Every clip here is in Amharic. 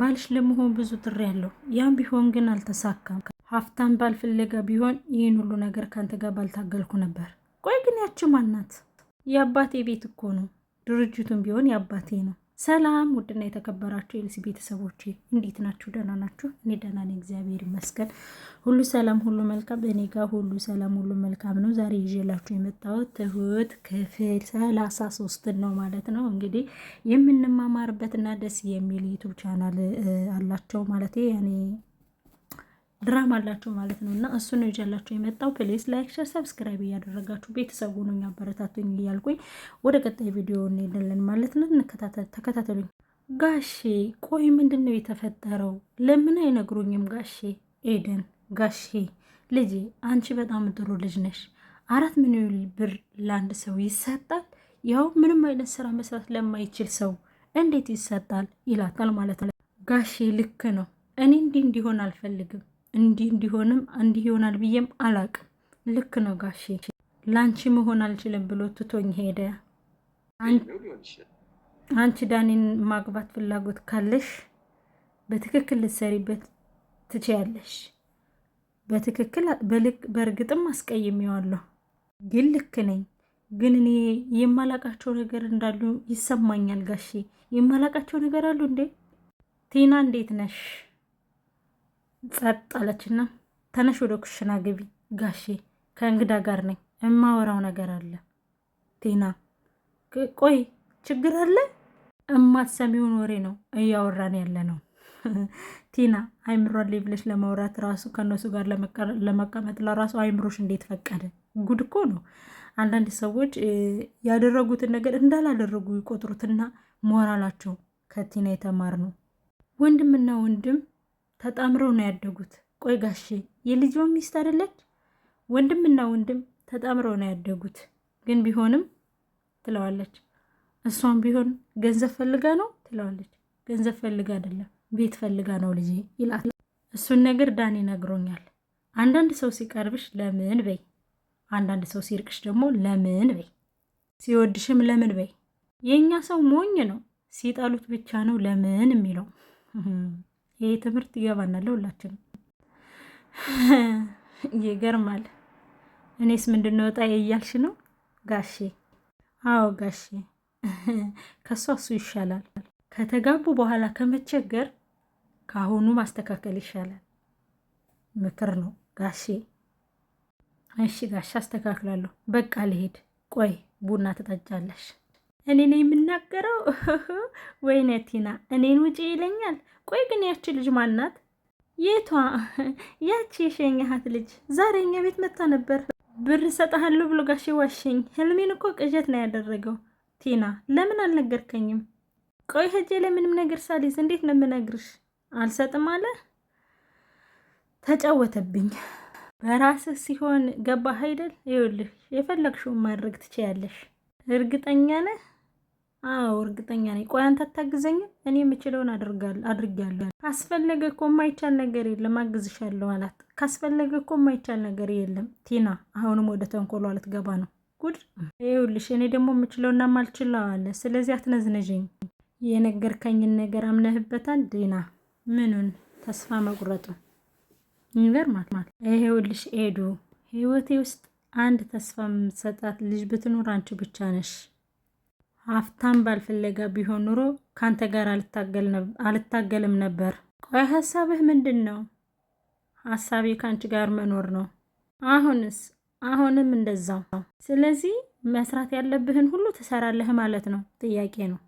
ባልሽ ለመሆን ብዙ ጥሪ ያለው ያም ቢሆን ግን አልተሳካም። ሀፍታም ባል ፍለጋ ቢሆን ይህን ሁሉ ነገር ከአንተ ጋር ባልታገልኩ ነበር። ቆይ ግን ያቺ ማናት? የአባቴ ቤት እኮ ነው። ድርጅቱም ቢሆን የአባቴ ነው። ሰላም ውድና የተከበራችሁ የልሲ ቤተሰቦች እንዴት ናችሁ? ደህና ናችሁ? እኔ ደህና ነኝ፣ እግዚአብሔር ይመስገን። ሁሉ ሰላም፣ ሁሉ መልካም። እኔ ጋር ሁሉ ሰላም፣ ሁሉ መልካም ነው። ዛሬ ይዤላችሁ የመጣሁት ትሁት ክፍል ሰላሳ ሶስትን ነው ማለት ነው። እንግዲህ የምንማማርበትና ደስ የሚል ዩቱብ ቻናል አላቸው ማለት ያኔ ድራማ አላቸው ማለት ነው። እና እሱን ነው ይዤላችሁ የመጣው። ፕሌስ ላይክ፣ ሸር፣ ሰብስክራይብ እያደረጋችሁ ቤተሰቡ ነው አበረታቱኝ እያልኩኝ ወደ ቀጣይ ቪዲዮ እንሄዳለን ማለት ነው። ተከታተሉኝ። ጋሼ ቆይ ምንድን ነው የተፈጠረው? ለምን አይነግሩኝም? ጋሼ ኤደን፣ ጋሼ ልጄ፣ አንቺ በጣም ጥሩ ልጅ ነሽ። አራት ሚሊዮን ብር ለአንድ ሰው ይሰጣል? ያው ምንም አይነት ስራ መስራት ለማይችል ሰው እንዴት ይሰጣል? ይላታል ማለት ነው። ጋሼ ልክ ነው። እኔ እንዲህ እንዲሆን አልፈልግም እንዲህ እንዲሆንም እንዲህ ይሆናል ብዬም አላቅም። ልክ ነው ጋሼ፣ ላንቺ መሆን አልችልም ብሎ ትቶኝ ሄደ። አንቺ ዳኒን ማግባት ፍላጎት ካለሽ በትክክል ልትሰሪበት ትችያለሽ። በትክክል በልክ በእርግጥም አስቀይሜዋለሁ፣ ግን ልክ ነኝ። ግን እኔ የማላቃቸው ነገር እንዳሉ ይሰማኛል ጋሼ። የማላቃቸው ነገር አሉ እንዴ? ቴና እንዴት ነሽ? ጸጥ አለችና ተነሽ ወደ ኩሽና ግቢ ጋሼ፣ ከእንግዳ ጋር ነኝ፣ እማወራው ነገር አለ። ቲና ቆይ ችግር አለ? እማትሰሚውን ወሬ ነው እያወራን ያለ ነው። ቲና አይምሯን ሌብለሽ ብለሽ ለማውራት ራሱ ከእነሱ ጋር ለመቀመጥ ለራሱ አይምሮሽ እንዴት ፈቀደ? ጉድ እኮ ነው። አንዳንድ ሰዎች ያደረጉትን ነገር እንዳላደረጉ ይቆጥሩትና ሞራላቸው ከቲና የተማር ነው። ወንድምና ወንድም ተጣምረው ነው ያደጉት። ቆይ ጋሼ የልጆ ሚስት አይደለች? ወንድምና ወንድም ተጣምረው ነው ያደጉት። ግን ቢሆንም ትለዋለች። እሷም ቢሆን ገንዘብ ፈልጋ ነው ትለዋለች። ገንዘብ ፈልጋ አይደለም ቤት ፈልጋ ነው ልጅ ይላል። እሱን ነገር ዳኔ ነግሮኛል። አንዳንድ ሰው ሲቀርብሽ ለምን በይ፣ አንዳንድ ሰው ሲርቅሽ ደግሞ ለምን በይ፣ ሲወድሽም ለምን በይ። የእኛ ሰው ሞኝ ነው፣ ሲጠሉት ብቻ ነው ለምን የሚለው። ይሄ ትምህርት ይገባናል ለሁላችንም። ይገርማል። እኔስ ምንድን ነው ዕጣ እያልሽ ነው ጋሼ? አዎ ጋሼ፣ ከሷ እሱ ይሻላል። ከተጋቡ በኋላ ከመቸገር ከአሁኑ ማስተካከል ይሻላል። ምክር ነው ጋሼ። እሺ ጋሼ፣ አስተካክላለሁ። በቃ ልሄድ። ቆይ ቡና ትጠጫለሽ? እኔ ነው የምናገረው። ወይኔ ቲና እኔን ውጪ ይለኛል። ቆይ ግን ያቺ ልጅ ማናት? የቷ? ያቺ የሸኛሃት ልጅ ዛሬ እኛ ቤት መታ ነበር። ብር እሰጥሃለሁ ብሎ ጋሼ ዋሸኝ። ህልሜን እኮ ቅዠት ነው ያደረገው። ቲና ለምን አልነገርከኝም? ቆይ ሄጄ ለምንም ነገር ሳልይዝ እንዴት ነው የምነግርሽ? አልሰጥም አለ። ተጫወተብኝ። በራስህ ሲሆን ገባህ አይደል? ይኸውልሽ የፈለግሽውን ማድረግ ትችያለሽ። እርግጠኛ ነህ? አዎ እርግጠኛ ነኝ። ቆይ አንተ አታግዘኝም? እኔ የምችለውን አድርጋለሁ። ካስፈለገ እኮ የማይቻል ነገር የለም አግዝሻለሁ አላት። ካስፈለገ እኮ የማይቻል ነገር የለም ቲና። አሁንም ወደ ተንኮሏ ልትገባ ነው። ጉድ! ይኸውልሽ እኔ ደግሞ የምችለውና ማልችለው አለ። ስለዚህ አትነዝነዥኝ። የነገርከኝን ነገር አምነህበታል ዲና? ምኑን? ተስፋ መቁረጡ ይገርማል። ይኸውልሽ ኤዱ፣ ህይወቴ ውስጥ አንድ ተስፋ የምትሰጣት ልጅ ብትኖር አንቺ ብቻ ነሽ። ሀብታም ባልፍለጋ ቢሆን ኑሮ ካንተ ጋር አልታገልም ነበር። ቆይ ሀሳብህ ምንድን ነው? ሀሳቤ ከአንቺ ጋር መኖር ነው። አሁንስ? አሁንም እንደዛው። ስለዚህ መስራት ያለብህን ሁሉ ትሰራለህ ማለት ነው? ጥያቄ ነው።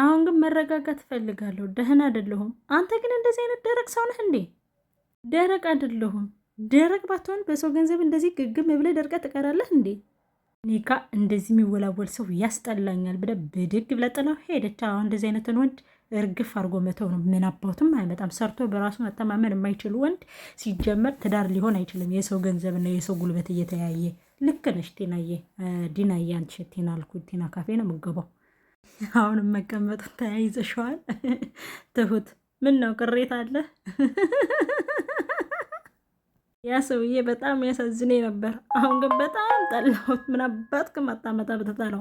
አሁን ግን መረጋጋት እፈልጋለሁ። ደህን አይደለሁም። አንተ ግን እንደዚህ አይነት ደረቅ ሰው ነህ እንዴ? ደረቅ አይደለሁም። ደረቅ ባትሆን በሰው ገንዘብ እንደዚህ ግግም ብለህ ደርቀህ ትቀራለህ እንዴ? ኒካ እንደዚህ የሚወላወል ሰው ያስጠላኛል ብለ ብድግ ብለ ጥለው ሄደች። አሁን እንደዚህ አይነትን ወንድ እርግፍ አድርጎ መተው ነው። ምን አባቱም አይመጣም። ሰርቶ በራሱ መተማመን የማይችል ወንድ ሲጀመር ትዳር ሊሆን አይችልም። የሰው ገንዘብና የሰው ጉልበት እየተያየ ልክ ነሽ ቴናዬ፣ ዲናዬ አንቺ ቴና አልኩኝ። ቴና ካፌ ነው የምገባው። አሁን መቀመጡ ተያይዘሸዋል። ትሁት ምን ነው ቅሬታ አለ? ያ ሰውዬ በጣም ያሳዝኔ ነበር። አሁን ግን በጣም ጠላሁት። ምን አባት በተታ ነው።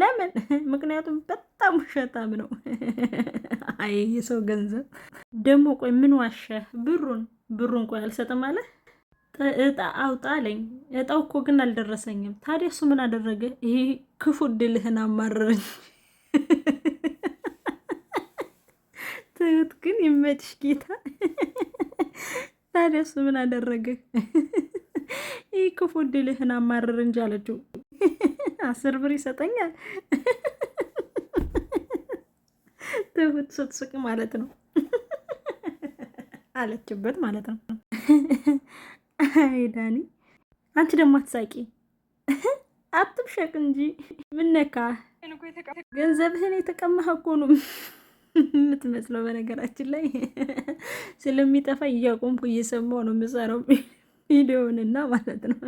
ለምን? ምክንያቱም በጣም ውሸታም ነው። አይ የሰው ገንዘብ ደግሞ ቆይ ምን ዋሸ ብሩን ብሩን ቆይ አልሰጥም አለ። እጣ አውጣ አለኝ። እጣው እኮ ግን አልደረሰኝም። ታዲያ እሱ ምን አደረገ? ይሄ ክፉ ድልህን አማረረኝ። ትሁት ግን ይመችሽ ጌታ ታዲያ እሱ ምን አደረገ? ይህ ክፉ ድልህን አማርር እንጂ አለችው። አስር ብር ይሰጠኛል ትሁት ስትስቅ ማለት ነው አለችበት ማለት ነው። አይ ዳኒ፣ አንቺ ደግሞ አትሳቂ አትብሸቅ እንጂ ምነካ ገንዘብህን የተቀማህ እኮ ነው። የምትመስለው በነገራችን ላይ ስለሚጠፋ እያቆምኩ እየሰማ ነው የምሰራው እና ማለት ነው።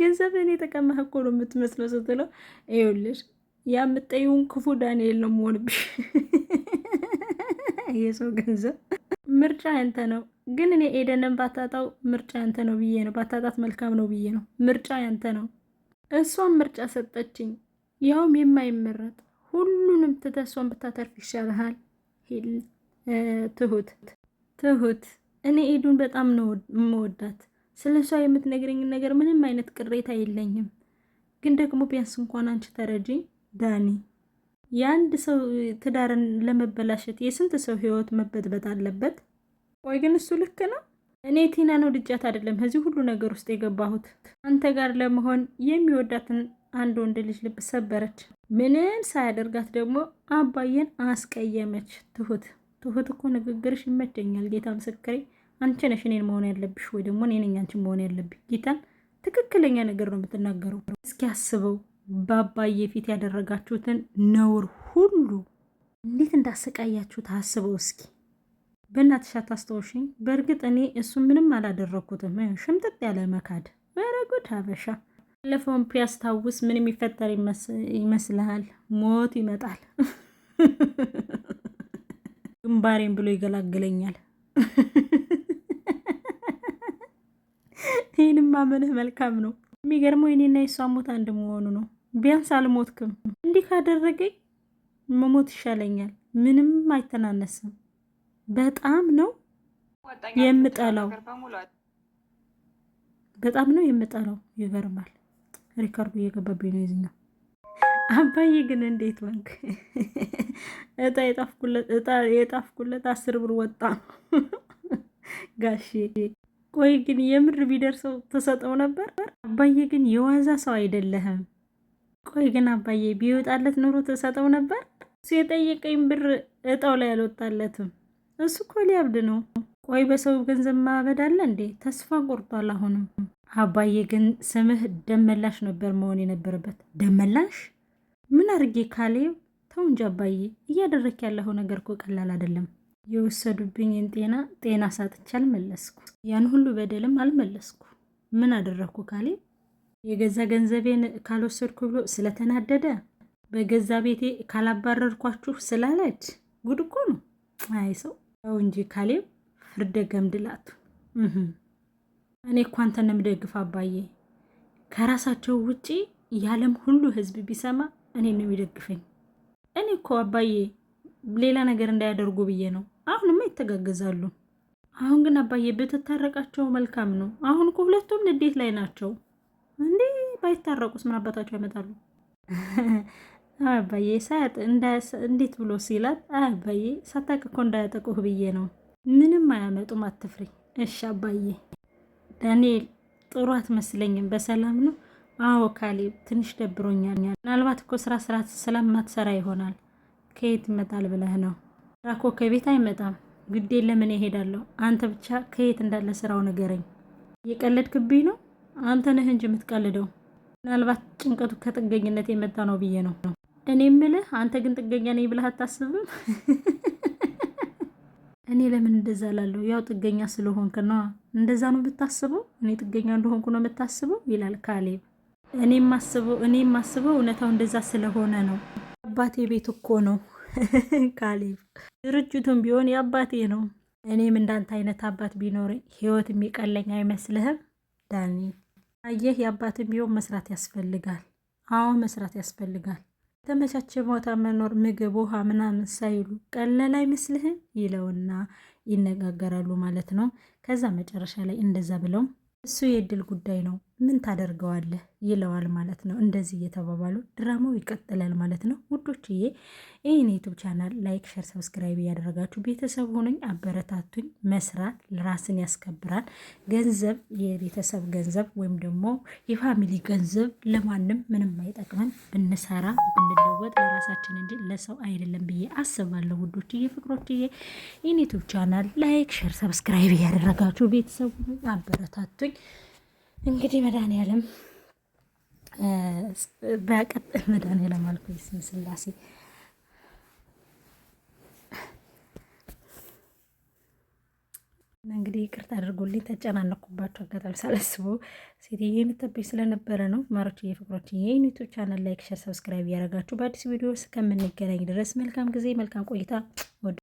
ገንዘብን የተቀማህ እኮ ነው የምትመስለው ስትለው፣ ይኸውልሽ የምጠይውን ክፉ ዳንኤል ነው የምሆንብሽ። የሰው ገንዘብ ምርጫ ያንተ ነው። ግን እኔ ኤደንን ባታጣው ምርጫ ያንተ ነው ብዬ ነው። ባታጣት መልካም ነው ብዬ ነው። ምርጫ ያንተ ነው። እሷን ምርጫ ሰጠችኝ፣ ያውም የማይመረጥ ሁሉንም ትተሷን ብታተርፍ ይሻልሃል። ትሁት ትሁት እኔ ኤዱን በጣም ነው የምወዳት። ስለ እሷ የምትነግረኝን ነገር ምንም አይነት ቅሬታ የለኝም። ግን ደግሞ ቢያንስ እንኳን አንቺ ተረጂኝ ዳኒ። የአንድ ሰው ትዳርን ለመበላሸት የስንት ሰው ህይወት መበጥበጥ አለበት? ቆይ ግን እሱ ልክ ነው? እኔ ነው ድጃት አይደለም ከዚህ ሁሉ ነገር ውስጥ የገባሁት። አንተ ጋር ለመሆን የሚወዳትን አንድ ወንድ ልጅ ልብ ሰበረች። ምንም ሳያደርጋት ደግሞ አባዬን አስቀየመች። ትሁት ትሁት እኮ ንግግርሽ ይመቸኛል፣ ጌታ ምስክሬ። አንቺ ነሽ እኔን መሆን ያለብሽ፣ ወይ ደግሞ እኔ ነኝ አንቺን መሆን ያለብኝ። ጌታን ትክክለኛ ነገር ነው የምትናገረው። እስኪ አስበው በአባዬ ፊት ያደረጋችሁትን ነውር ሁሉ እንዴት እንዳሰቃያችሁት አስበው እስኪ። በእናትሽ አታስታውሽኝ። በእርግጥ እኔ እሱ ምንም አላደረግኩትም። ሽምጥጥ ያለ መካድ። ኧረ ጉድ ሀበሻ ባለፈውን ቢያስታውስ ምን የሚፈጠር ይመስልሃል? ሞት ይመጣል። ግንባሬን ብሎ ይገላግለኛል። ይህንም ማመንህ መልካም ነው። የሚገርመው የኔና የሷ ሞት አንድ መሆኑ ነው። ቢያንስ አልሞትክም። እንዲህ ካደረገኝ መሞት ይሻለኛል። ምንም አይተናነስም። በጣም ነው የምጠላው፣ በጣም ነው የምጠላው። ይገርማል። ሪካርዱ እየገባብኝ ነው። ይዝኛው አባዬ ግን እንዴት ወንክ እጣ የጣፍኩለት አስር ብር ወጣ። ጋሼ ቆይ ግን የምር ቢደርሰው ተሰጠው ነበር። አባዬ ግን የዋዛ ሰው አይደለህም። ቆይ ግን አባዬ ቢወጣለት ኑሮ ተሰጠው ነበር። እሱ የጠየቀኝ ብር እጣው ላይ አልወጣለትም። እሱ እኮ ሊያብድ ነው። ቆይ በሰው ገንዘብ ማበዳለ አለ እንዴ? ተስፋ ቆርጧል። አሁንም አባዬ ግን ስምህ ደመላሽ ነበር መሆን የነበረበት። ደመላሽ ምን አድርጌ ካሌብ? ተው እንጂ አባዬ፣ እያደረክ ያለኸው ነገር እኮ ቀላል አይደለም። የወሰዱብኝን ጤና ጤና ሳጥቼ አልመለስኩ፣ ያን ሁሉ በደልም አልመለስኩ። ምን አደረግኩ ካሌ የገዛ ገንዘቤን ካልወሰድኩ ብሎ ስለተናደደ በገዛ ቤቴ ካላባረርኳችሁ ስላለች ጉድ እኮ ነው። አይ ሰው ተው እንጂ ፍርደ ድላት እኔ እኮ አንተን የምደግፍ አባዬ። ከራሳቸው ውጪ የዓለም ሁሉ ህዝብ ቢሰማ እኔ ነው የሚደግፈኝ። እኔ እኮ አባዬ ሌላ ነገር እንዳያደርጉ ብዬ ነው። አሁንማ ይተጋገዛሉ። አሁን ግን አባዬ ብትታረቃቸው መልካም ነው። አሁን እኮ ሁለቱም ንዴት ላይ ናቸው። እንዴ ባይታረቁስ ምን አባታቸው ያመጣሉ? አባዬ እንዴት ብሎ ሲላት፣ አባዬ ሳታውቅ እኮ እንዳያጠቁህ ብዬ ነው ምንም አያመጡም፣ አትፍሪ እሺ። አባዬ ዳንኤል ጥሩ አትመስለኝም። በሰላም ነው? አዎ ካሌብ፣ ትንሽ ደብሮኛል። ምናልባት እኮ ስራ ስራ ስለማትሰራ ይሆናል። ከየት ይመጣል ብለህ ነው? ስራ እኮ ከቤት አይመጣም። ግዴ ለምን እሄዳለሁ? አንተ ብቻ ከየት እንዳለ ስራው ንገረኝ። እየቀለድክብኝ ነው? አንተ ነህ እንጂ የምትቀልደው። ምናልባት ጭንቀቱ ከጥገኝነት የመጣ ነው ብዬ ነው። እኔ ምልህ አንተ ግን ጥገኛ ነኝ ብለህ አታስብም? እኔ ለምን እንደዛ ላለሁ? ያው ጥገኛ ስለሆንክ ነዋ። እንደዛ ነው የምታስበው? እኔ ጥገኛ እንደሆንኩ ነው የምታስበው? ይላል ካሌብ። እኔ ማስበው እኔ እውነታው እንደዛ ስለሆነ ነው። አባቴ ቤት እኮ ነው ካሌብ። ድርጅቱም ቢሆን የአባቴ ነው። እኔም እንዳንተ አይነት አባት ቢኖረኝ ህይወት የሚቀለኝ አይመስልህም ዳኒ? አየህ፣ የአባትም ቢሆን መስራት ያስፈልጋል። አዎ መስራት ያስፈልጋል። ተመቻቸ ቦታ መኖር ምግብ፣ ውሃ ምናምን ሳይሉ ቀለል አይመስልህም ይለውና ይነጋገራሉ ማለት ነው። ከዛ መጨረሻ ላይ እንደዛ ብለው እሱ የእድል ጉዳይ ነው ምን ታደርገዋለህ ይለዋል ማለት ነው። እንደዚህ እየተባባሉ ድራማው ይቀጥላል ማለት ነው። ውዶችዬ ይህን ዩቱብ ቻናል ላይክ፣ ሸር፣ ሰብስክራይብ እያደረጋችሁ ቤተሰብ ሆነኝ አበረታቱኝ። መስራት ራስን ያስከብራል። ገንዘብ የቤተሰብ ገንዘብ ወይም ደግሞ የፋሚሊ ገንዘብ ለማንም ምንም አይጠቅምም። ብንሰራ ብንለወጥ ለራሳችን እንጂ ለሰው አይደለም ብዬ አስባለሁ። ውዶችዬ ፍቅሮችዬ ይህን ዩቱብ ቻናል ላይክ፣ ሸር፣ ሰብስክራይብ እያደረጋችሁ ቤተሰብ ሆነኝ አበረታቱኝ። እንግዲህ መድኃኒዓለም በቀጣይ መድኃኒዓለም አልኩ ስም ስላሴ እንግዲህ ይቅርታ አድርጉልኝ ተጨናነኩባቸው። አጋጣሚ ሳላስቡ ሴትዬ የምታበኝ ስለነበረ ነው። ማሮችዬ፣ ፍቅሮችዬ የዩኒቱ ቻናል ላይክ፣ ሸር፣ ሰብስክራይብ እያደረጋችሁ በአዲስ ቪዲዮ እስከምንገናኝ ድረስ መልካም ጊዜ፣ መልካም ቆይታ።